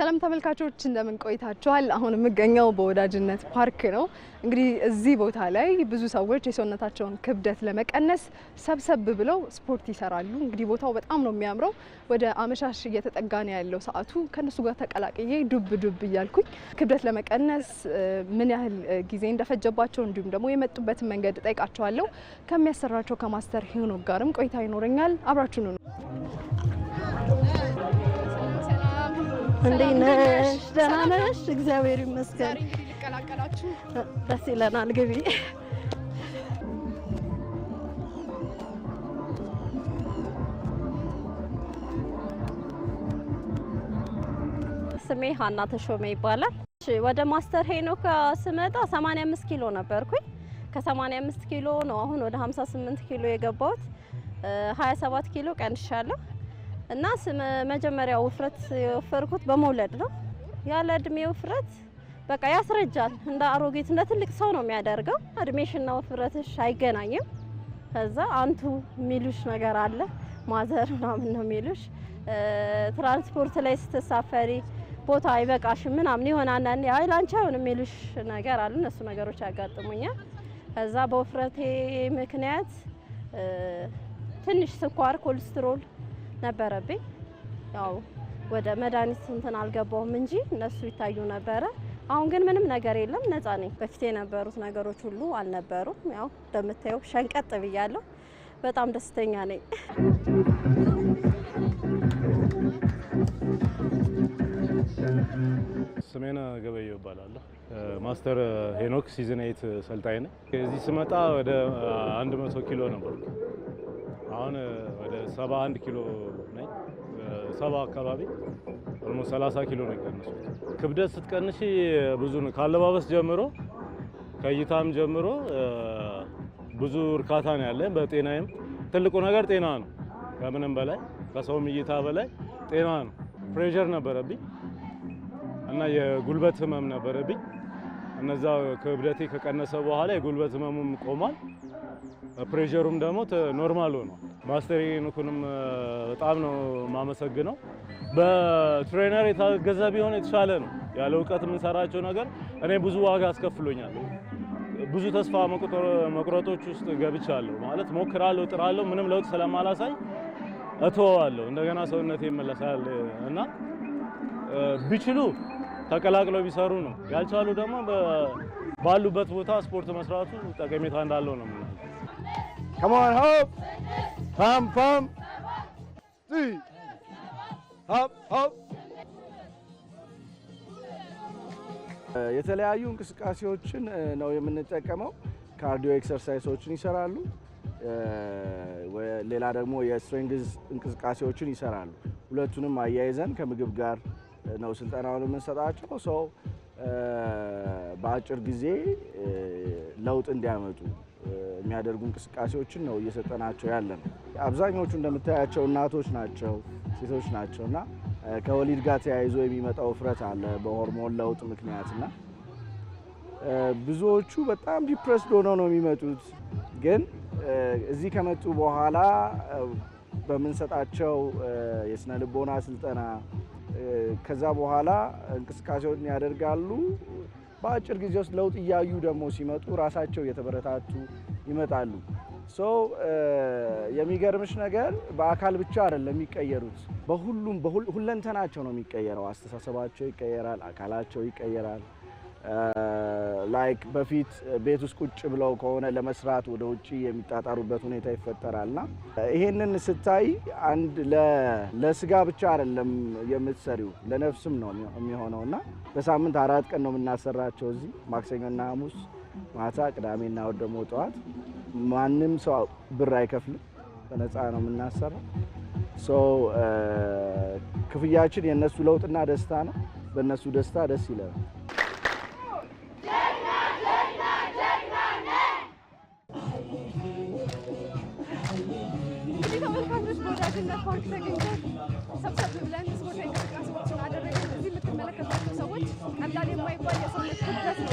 ሰላም ተመልካቾች እንደምን ቆይታችኋል? አሁን የምገኘው በወዳጅነት ፓርክ ነው። እንግዲህ እዚህ ቦታ ላይ ብዙ ሰዎች የሰውነታቸውን ክብደት ለመቀነስ ሰብሰብ ብለው ስፖርት ይሰራሉ። እንግዲህ ቦታው በጣም ነው የሚያምረው። ወደ አመሻሽ እየተጠጋ ነው ያለው ሰዓቱ። ከእነሱ ጋር ተቀላቅዬ ዱብ ዱብ እያልኩኝ ክብደት ለመቀነስ ምን ያህል ጊዜ እንደፈጀባቸው እንዲሁም ደግሞ የመጡበትን መንገድ ጠይቃቸዋለሁ። ከሚያሰራቸው ከማስተር ሄኖክ ጋርም ቆይታ ይኖረኛል። አብራችሁኑ እንዴት ነሽ? ደህና ነሽ? እግዚአብሔር ይመስገን። ሊቀላቀላችሁ ደስ ይለናል። ግቢ ስሜ ሀና ተሾመ ይባላል። ወደ ማስተር ሄኖክ ስመጣ 85 ኪሎ ነበርኩኝ። ከ85 ኪሎ ነው አሁን ወደ 58 ኪሎ የገባሁት። 27 ኪሎ ቀንሻለሁ። እና መጀመሪያ ውፍረት የወፈርኩት በመውለድ ነው። ያለ እድሜ ውፍረት በቃ ያስረጃል። እንደ አሮጌት እንደ ትልቅ ሰው ነው የሚያደርገው። እድሜሽና ውፍረትሽ አይገናኝም። ከዛ አንቱ የሚሉሽ ነገር አለ ማዘር ምናምን ነው የሚሉሽ። ትራንስፖርት ላይ ስትሳፈሪ ቦታ አይበቃሽ ምናምን የሆነ አንዳንዴ አይ ላንቺ አይሆንም የሚሉሽ ነገር አለ። እነሱ ነገሮች ያጋጥሙኛል። ከዛ በውፍረቴ ምክንያት ትንሽ ስኳር፣ ኮሌስትሮል ነበረብኝ። ያው ወደ መድኃኒት እንትን አልገባውም እንጂ እነሱ ይታዩ ነበረ። አሁን ግን ምንም ነገር የለም፣ ነፃ ነኝ። በፊት የነበሩት ነገሮች ሁሉ አልነበሩም። ያው እንደምታየው ሸንቀጥ ብያለሁ። በጣም ደስተኛ ነኝ። ስሜን ገበየ እባላለሁ። ማስተር ሄኖክ ሲዝን ኤት ሰልጣኝ ነኝ። እዚህ ስመጣ ወደ መቶ ኪሎ ነበርኩ። አሁን ወደ 71 ኪሎ ነኝ። ሰባ አካባቢ ኦልሞስት 30 ኪሎ ነው የቀነስኩት። ክብደት ስትቀንሺ ብዙ ነው። ካለባበስ ጀምሮ ከእይታም ጀምሮ ብዙ እርካታ ነው ያለ። በጤናዬም ትልቁ ነገር ጤና ነው። ከምንም በላይ ከሰውም እይታ በላይ ጤና ነው። ፕሬሸር ነበረብኝ እና የጉልበት ህመም ነበረብኝ። እነዛ ክብደቴ ከቀነሰ በኋላ የጉልበት ህመሙም ቆሟል። ፕሬሸሩም ደግሞ ኖርማል ሆኖ ማስተር ንኩንም በጣም ነው የማመሰግነው። በትሬነር የታገዘ ቢሆን የተሻለ ነው። ያለ እውቀት የምንሰራቸው ነገር እኔ ብዙ ዋጋ አስከፍሎኛል። ብዙ ተስፋ መቁረጦች ውስጥ ገብቻለሁ። ማለት ሞክራለሁ፣ ጥራለሁ፣ ምንም ለውጥ ስለማላሳይ እተወዋለሁ። እንደገና ሰውነቴ ይመለሳል እና ቢችሉ ተቀላቅለው ቢሰሩ ነው። ያልቻሉ ደግሞ ባሉበት ቦታ ስፖርት መስራቱ ጠቀሜታ እንዳለው ነው። ከማን ሆፕ ፓም ፓም ሆፕ ሆፕ የተለያዩ እንቅስቃሴዎችን ነው የምንጠቀመው። ካርዲዮ ኤክሰርሳይሶችን ይሰራሉ። ሌላ ደግሞ የስትሬንግዝ እንቅስቃሴዎችን ይሰራሉ። ሁለቱንም አያይዘን ከምግብ ጋር ነው ስልጠናውን የምንሰጣቸው ሰው በአጭር ጊዜ ለውጥ እንዲያመጡ የሚያደርጉ እንቅስቃሴዎችን ነው እየሰጠናቸው ያለ ነው። አብዛኞቹ እንደምታያቸው እናቶች ናቸው፣ ሴቶች ናቸው እና ከወሊድ ጋር ተያይዞ የሚመጣው ውፍረት አለ በሆርሞን ለውጥ ምክንያትና ብዙዎቹ በጣም ዲፕረስድ ሆነው ነው የሚመጡት። ግን እዚህ ከመጡ በኋላ በምንሰጣቸው የስነ ልቦና ስልጠና ከዛ በኋላ እንቅስቃሴውን ያደርጋሉ። በአጭር ጊዜ ውስጥ ለውጥ እያዩ ደግሞ ሲመጡ ራሳቸው እየተበረታቱ ይመጣሉ። ሶ የሚገርምሽ ነገር በአካል ብቻ አይደለም የሚቀየሩት፣ በሁሉም ሁለንተናቸው ነው የሚቀየረው። አስተሳሰባቸው ይቀየራል፣ አካላቸው ይቀየራል። ላይክ በፊት ቤት ውስጥ ቁጭ ብለው ከሆነ ለመስራት ወደ ውጭ የሚጣጣሩበት ሁኔታ ይፈጠራልና ይሄንን ስታይ አንድ ለስጋ ብቻ አይደለም የምትሰሪው ለነፍስም ነው የሚሆነው እና በሳምንት አራት ቀን ነው የምናሰራቸው እዚህ ማክሰኞና ሐሙስ ማታ፣ ቅዳሜና እሑድ ደግሞ ጠዋት። ማንም ሰው ብር አይከፍልም፣ በነፃ ነው የምናሰራ። ክፍያችን የእነሱ ለውጥና ደስታ ነው። በእነሱ ደስታ ደስ ይለናል። አንድነት ፓርክ ተገኝተን ሰብሰብ ብለን ስፖርታዊ እንቅስቃሴዎችን አደረገን። እዚህ የምትመለከቷቸው ሰዎች ቀላል የማይባል የሰውነት ክብደት